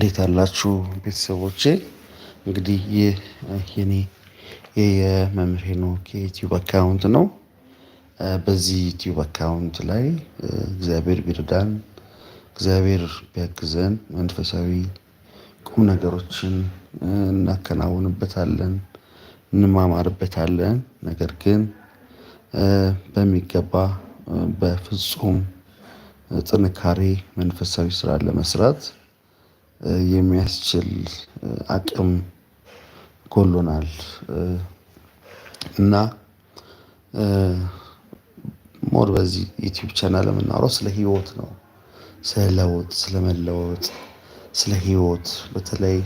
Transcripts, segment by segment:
እንዴት ያላችሁ ቤተሰቦቼ? እንግዲህ ይህ የኔ የመምህሬ ሄኖክ የዩቲዩብ አካውንት ነው። በዚህ ዩቲዩብ አካውንት ላይ እግዚአብሔር ቢርዳን፣ እግዚአብሔር ቢያግዘን መንፈሳዊ ቁም ነገሮችን እናከናውንበታለን፣ እንማማርበታለን። ነገር ግን በሚገባ በፍጹም ጥንካሬ መንፈሳዊ ስራ ለመስራት የሚያስችል አቅም ጎሎናል። እና ሞር በዚህ ዩቲዩብ ቻናል የምናውረው ስለ ህይወት ነው። ስለ ለውጥ፣ ስለ መለወጥ፣ ስለ ህይወት በተለይ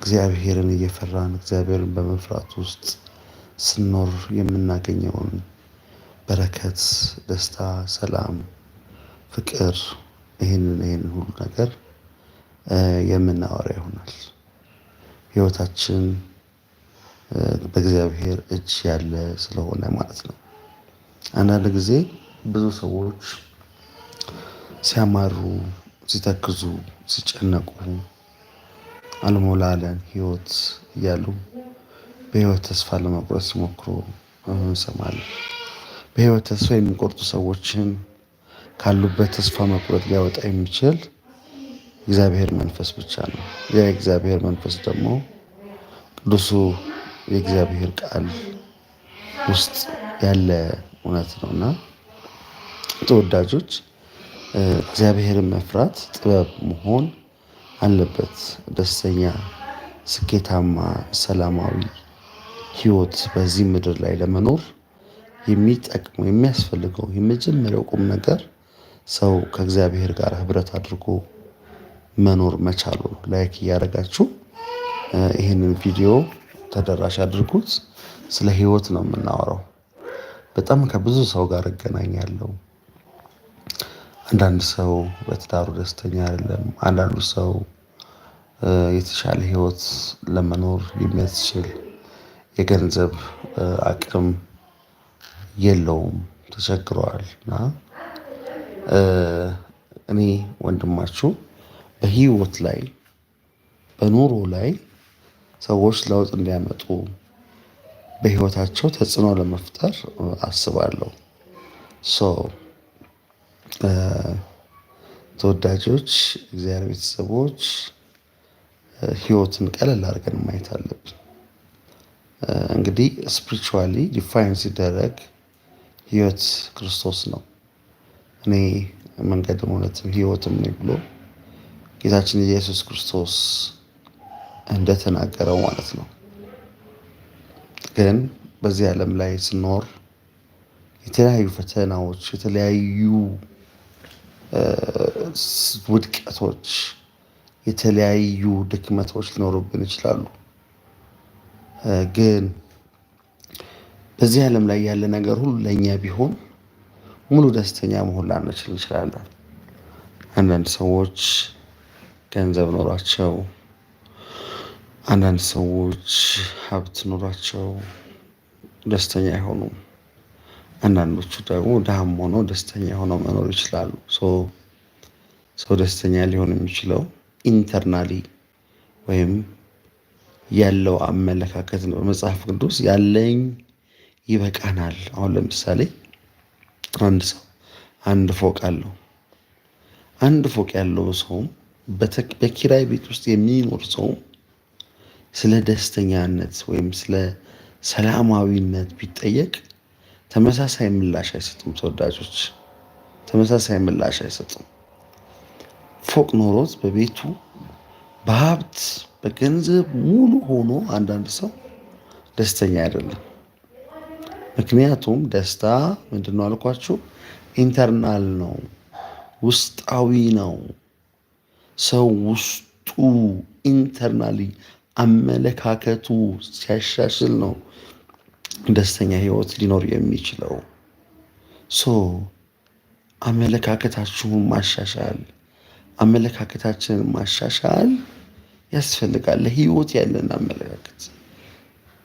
እግዚአብሔርን እየፈራን እግዚአብሔርን በመፍራት ውስጥ ስንኖር የምናገኘውን በረከት፣ ደስታ፣ ሰላም፣ ፍቅር ይህንን ይህንን ሁሉ ነገር የምናወራ ይሆናል። ህይወታችን በእግዚአብሔር እጅ ያለ ስለሆነ ማለት ነው። አንዳንድ ጊዜ ብዙ ሰዎች ሲያማሩ፣ ሲተክዙ፣ ሲጨነቁ አልሞላለን ህይወት እያሉ በህይወት ተስፋ ለመቁረጥ ሲሞክሩ እንሰማለን። በህይወት ተስፋ የሚቆርጡ ሰዎችን ካሉበት ተስፋ መቁረጥ ሊያወጣ የሚችል የእግዚአብሔር መንፈስ ብቻ ነው። ያ የእግዚአብሔር መንፈስ ደግሞ ቅዱሱ የእግዚአብሔር ቃል ውስጥ ያለ እውነት ነው እና ተወዳጆች እግዚአብሔርን መፍራት ጥበብ መሆን አለበት። ደስተኛ፣ ስኬታማ፣ ሰላማዊ ህይወት በዚህ ምድር ላይ ለመኖር የሚጠቅመው የሚያስፈልገው የመጀመሪያው ቁም ነገር ሰው ከእግዚአብሔር ጋር ህብረት አድርጎ መኖር መቻሉ ነው። ላይክ እያደረጋችሁ ይህንን ቪዲዮ ተደራሽ አድርጉት። ስለ ህይወት ነው የምናወራው። በጣም ከብዙ ሰው ጋር እገናኛለሁ። አንዳንድ ሰው በትዳሩ ደስተኛ አይደለም። አንዳንዱ ሰው የተሻለ ህይወት ለመኖር የሚያስችል የገንዘብ አቅም የለውም፣ ተቸግረዋል እና እኔ ወንድማችሁ በህይወት ላይ በኑሮ ላይ ሰዎች ለውጥ እንዲያመጡ በህይወታቸው ተጽዕኖ ለመፍጠር አስባለሁ። ተወዳጆች፣ እግዚአብሔር ቤተሰቦች ህይወትን ቀለል አድርገን ማየት አለብን። እንግዲህ ስፒሪቹዋሊ ዲፋይን ሲደረግ ህይወት ክርስቶስ ነው። እኔ መንገድም እውነትም ህይወትም ነኝ ብሎ ጌታችን ኢየሱስ ክርስቶስ እንደተናገረው ማለት ነው። ግን በዚህ ዓለም ላይ ስኖር የተለያዩ ፈተናዎች፣ የተለያዩ ውድቀቶች፣ የተለያዩ ድክመቶች ሊኖሩብን ይችላሉ። ግን በዚህ ዓለም ላይ ያለ ነገር ሁሉ ለእኛ ቢሆን ሙሉ ደስተኛ መሆን ላንችል እንችላለን። አንዳንድ ሰዎች ገንዘብ ኖሯቸው አንዳንድ ሰዎች ሀብት ኖሯቸው ደስተኛ አይሆኑም። አንዳንዶቹ ደግሞ ድሃም ሆነው ደስተኛ ሆነው መኖር ይችላሉ። ሰው ደስተኛ ሊሆን የሚችለው ኢንተርናሊ ወይም ያለው አመለካከት ነው። በመጽሐፍ ቅዱስ ያለኝ ይበቃናል። አሁን ለምሳሌ አንድ ሰው አንድ ፎቅ አለው። አንድ ፎቅ ያለው ሰውም በኪራይ ቤት ውስጥ የሚኖር ሰው ስለ ደስተኛነት ወይም ስለ ሰላማዊነት ቢጠየቅ ተመሳሳይ ምላሽ አይሰጥም። ተወዳጆች ተመሳሳይ ምላሽ አይሰጥም። ፎቅ ኖሮት በቤቱ በሀብት በገንዘብ ሙሉ ሆኖ አንዳንድ ሰው ደስተኛ አይደለም። ምክንያቱም ደስታ ምንድነው ነው አልኳችሁ? ኢንተርናል ነው፣ ውስጣዊ ነው። ሰው ውስጡ ኢንተርናሊ አመለካከቱ ሲያሻሽል ነው ደስተኛ ህይወት ሊኖር የሚችለው። ሶ አመለካከታችሁን ማሻሻል አመለካከታችንን ማሻሻል ያስፈልጋል። ለህይወት ያለን አመለካከት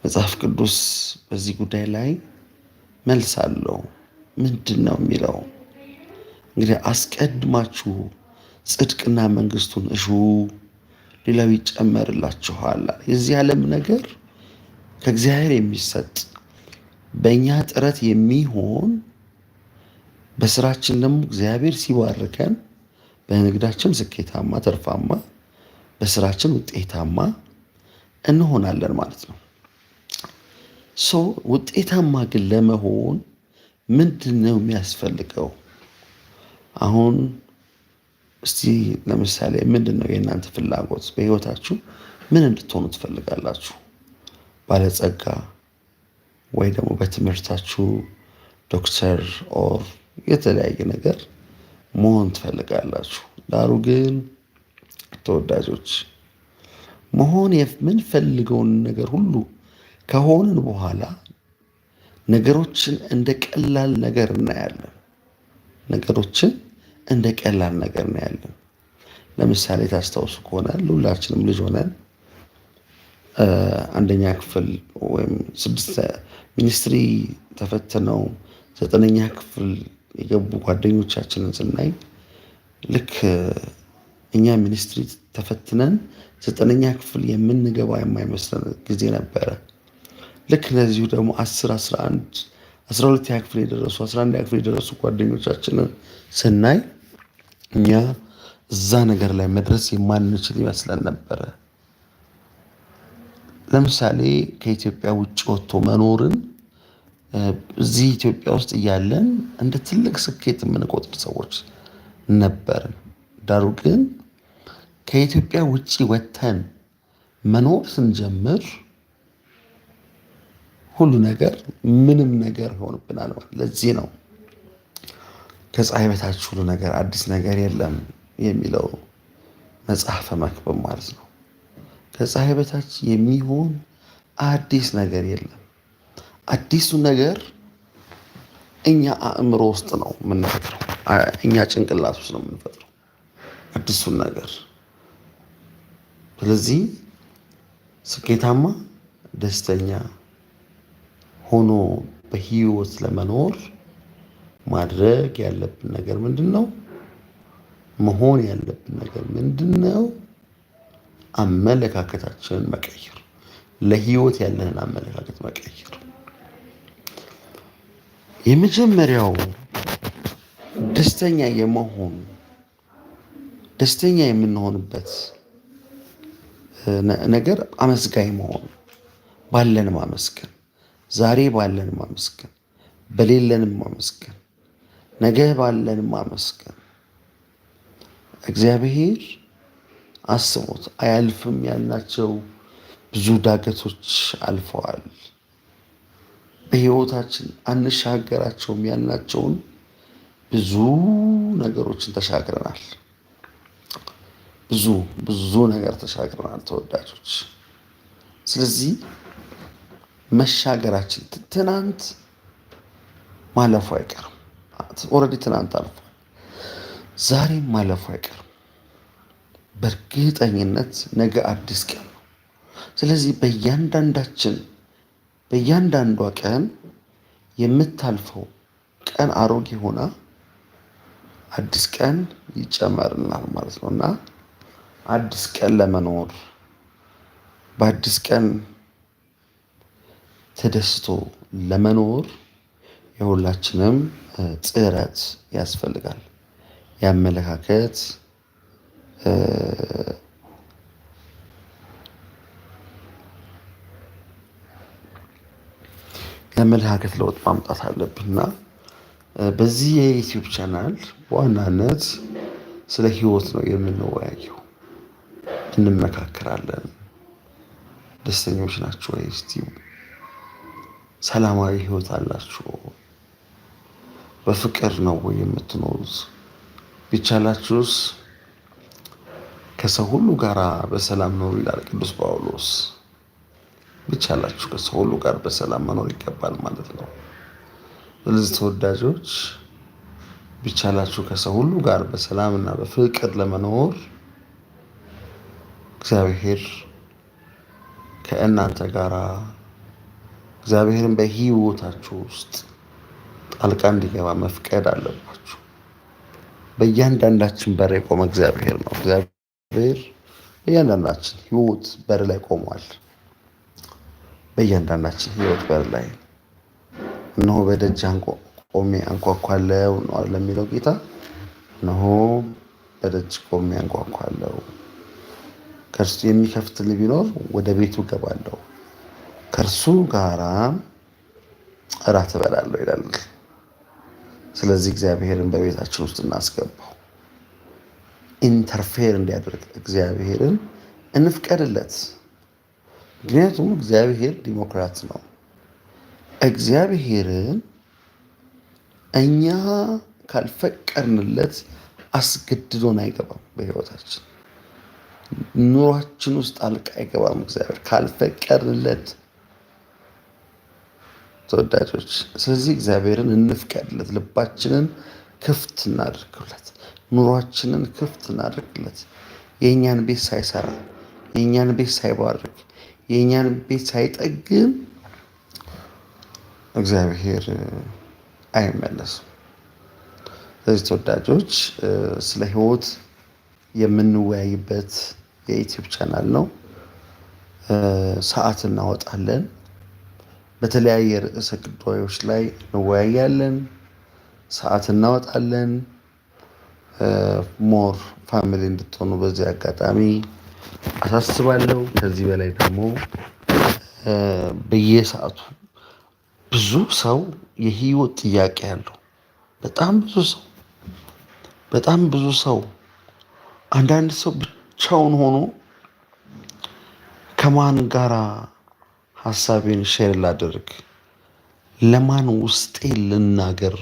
መጽሐፍ ቅዱስ በዚህ ጉዳይ ላይ መልስ አለው። ምንድን ነው የሚለው? እንግዲህ አስቀድማችሁ ጽድቅና መንግስቱን እሹ፣ ሌላው ይጨመርላችኋል። የዚህ ዓለም ነገር ከእግዚአብሔር የሚሰጥ በእኛ ጥረት የሚሆን በስራችን ደግሞ እግዚአብሔር ሲባርከን በንግዳችን ስኬታማ ተርፋማ፣ በስራችን ውጤታማ እንሆናለን ማለት ነው። ሶ ውጤታማ ግን ለመሆን ምንድን ነው የሚያስፈልገው አሁን እስቲ ለምሳሌ ምንድን ነው የእናንተ ፍላጎት? በህይወታችሁ ምን እንድትሆኑ ትፈልጋላችሁ? ባለጸጋ ወይ ደግሞ በትምህርታችሁ ዶክተር ኦር የተለያየ ነገር መሆን ትፈልጋላችሁ። ዳሩ ግን ተወዳጆች መሆን የምንፈልገውን ነገር ሁሉ ከሆንን በኋላ ነገሮችን እንደ ቀላል ነገር እናያለን። ነገሮችን እንደ ቀላል ነገር ነው ያለን። ለምሳሌ ታስታውሱ ከሆነ ሁላችንም ልጅ ሆነን አንደኛ ክፍል ወይም ስድስት ሚኒስትሪ ተፈትነው ዘጠነኛ ክፍል የገቡ ጓደኞቻችንን ስናይ ልክ እኛ ሚኒስትሪ ተፈትነን ዘጠነኛ ክፍል የምንገባ የማይመስለን ጊዜ ነበረ። ልክ እነዚሁ ደግሞ አስር አስራ አንድ አስራ ሁለተኛ ክፍል የደረሱ አስራ አንድ ክፍል የደረሱ ጓደኞቻችንን ስናይ እኛ እዛ ነገር ላይ መድረስ የማንችል ይመስለን ነበረ። ለምሳሌ ከኢትዮጵያ ውጭ ወጥቶ መኖርን እዚህ ኢትዮጵያ ውስጥ እያለን እንደ ትልቅ ስኬት የምንቆጥር ሰዎች ነበርን። ዳሩ ግን ከኢትዮጵያ ውጭ ወጥተን መኖር ስንጀምር ሁሉ ነገር ምንም ነገር ይሆንብናል። ለዚህ ነው ከፀሐይ በታች ሁሉ ነገር አዲስ ነገር የለም የሚለው መጽሐፈ መክብብ ማለት ነው። ከፀሐይ በታች የሚሆን አዲስ ነገር የለም። አዲሱ ነገር እኛ አእምሮ ውስጥ ነው የምንፈጥረው፣ እኛ ጭንቅላት ውስጥ ነው የምንፈጥረው አዲሱን ነገር። ስለዚህ ስኬታማ ደስተኛ ሆኖ በህይወት ለመኖር ማድረግ ያለብን ነገር ምንድን ነው? መሆን ያለብን ነገር ምንድን ነው? አመለካከታችንን መቀየር፣ ለህይወት ያለንን አመለካከት መቀየር። የመጀመሪያው ደስተኛ የመሆን ደስተኛ የምንሆንበት ነገር አመስጋኝ መሆን፣ ባለንም አመስገን፣ ዛሬ ባለንም አመስገን፣ በሌለንም አመስገን ነገ ባለን ማመስገን እግዚአብሔር አስቦት አያልፍም ያልናቸው ብዙ ዳገቶች አልፈዋል። በሕይወታችን አንሻገራቸውም ያልናቸውን ብዙ ነገሮችን ተሻግረናል። ብዙ ብዙ ነገር ተሻግረናል ተወዳጆች። ስለዚህ መሻገራችን ትናንት ማለፉ አይቀርም። ኦልሬዲ ትናንት አልፏል። ዛሬም ማለፉ አይቀርም። በእርግጠኝነት ነገ አዲስ ቀን ነው። ስለዚህ በእያንዳንዳችን በእያንዳንዷ ቀን የምታልፈው ቀን አሮጌ ሆና አዲስ ቀን ይጨመርናል ማለት ነው እና አዲስ ቀን ለመኖር በአዲስ ቀን ተደስቶ ለመኖር የሁላችንም ጽረት ያስፈልጋል። የአመለካከት የአመለካከት ለውጥ ማምጣት አለብን እና በዚህ የዩቲዩብ ቻናል በዋናነት ስለ ህይወት ነው የምንወያየው። እንመካከራለን። ደስተኞች ናችሁ ወይ? እስቲ ሰላማዊ ህይወት አላችሁ? በፍቅር ነው ወይ የምትኖሩት? ቢቻላችሁስ ከሰው ሁሉ ጋር በሰላም ኖሩ ይላል ቅዱስ ጳውሎስ። ቢቻላችሁ ከሰው ሁሉ ጋር በሰላም መኖር ይገባል ማለት ነው። ስለዚህ ተወዳጆች ቢቻላችሁ ከሰው ሁሉ ጋር በሰላም እና በፍቅር ለመኖር እግዚአብሔር ከእናንተ ጋር እግዚአብሔርን በህይወታችሁ ውስጥ ጣልቃ እንዲገባ መፍቀድ አለባችሁ። በእያንዳንዳችን በር የቆመ እግዚአብሔር ነው። እግዚአብሔር በእያንዳንዳችን ህይወት በር ላይ ቆሟል። በእያንዳንዳችን ህይወት በር ላይ እነሆ በደጅ ቆሜ አንኳኳለው ነው ለሚለው ጌታ እነሆ በደጅ ቆሜ አንኳኳለው። ከእርሱ የሚከፍትል ቢኖር ወደ ቤቱ እገባለሁ፣ ከእርሱ ጋራ እራት እበላለሁ ይላል። ስለዚህ እግዚአብሔርን በቤታችን ውስጥ እናስገባው። ኢንተርፌር እንዲያደርግ እግዚአብሔርን እንፍቀድለት። ምክንያቱም እግዚአብሔር ዲሞክራት ነው። እግዚአብሔርን እኛ ካልፈቀድንለት አስገድዶን አይገባም። በህይወታችን ኑሯችን ውስጥ አልቃ አይገባም። እግዚአብሔር ካልፈቀድንለት ተወዳጆች ስለዚህ እግዚአብሔርን እንፍቀድለት፣ ልባችንን ክፍት እናድርግለት፣ ኑሯችንን ክፍት እናድርግለት። የእኛን ቤት ሳይሰራ የእኛን ቤት ሳይባርክ የእኛን ቤት ሳይጠግም እግዚአብሔር አይመለስም። ስለዚህ ተወዳጆች ስለ ህይወት የምንወያይበት የዩቲዩብ ቻናል ነው። ሰዓት እናወጣለን። በተለያየ ርዕሰ ጉዳዮች ላይ እንወያያለን፣ ሰዓት እናወጣለን። ሞር ፋሚሊ እንድትሆኑ በዚህ አጋጣሚ አሳስባለሁ። ከዚህ በላይ ደግሞ በየሰዓቱ ብዙ ሰው የህይወት ጥያቄ አለው። በጣም ብዙ ሰው በጣም ብዙ ሰው አንዳንድ ሰው ብቻውን ሆኖ ከማን ጋራ ሀሳቤን ሼር ላደርግ ለማን ውስጤ ልናገር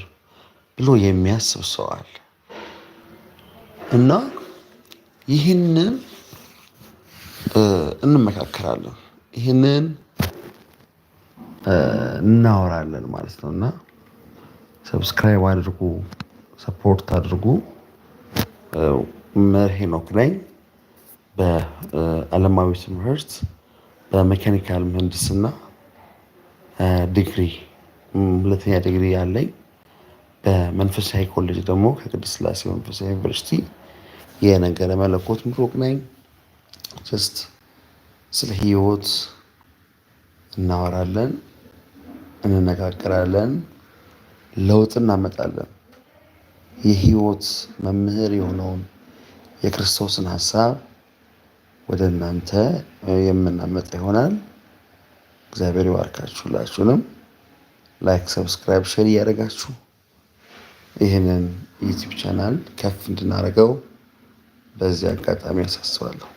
ብሎ የሚያስብ ሰዋል እና ይህንን እንመካከራለን፣ ይህንን እናወራለን ማለት ነው እና ሰብስክራይብ አድርጉ፣ ሰፖርት አድርጉ። መርሄ ሄኖክ ላይ በዓለማዊ ትምህርት በመካኒካል ምህንድስና ዲግሪ ሁለተኛ ዲግሪ ያለኝ በመንፈሳዊ ኮሌጅ ደግሞ ከቅድስት ስላሴ መንፈሳዊ ዩኒቨርሲቲ የነገረ መለኮት ምሩቅ ነኝ። ጀስት ስለ ህይወት እናወራለን፣ እንነጋገራለን፣ ለውጥ እናመጣለን። የህይወት መምህር የሆነውን የክርስቶስን ሀሳብ ወደ እናንተ የምናመጣ ይሆናል። እግዚአብሔር ይባርካችሁ። ሁላችሁንም ላይክ፣ ሰብስክራይብ፣ ሼር እያደረጋችሁ ይህንን ዩቲዩብ ቻናል ከፍ እንድናደርገው በዚህ አጋጣሚ ያሳስባለሁ።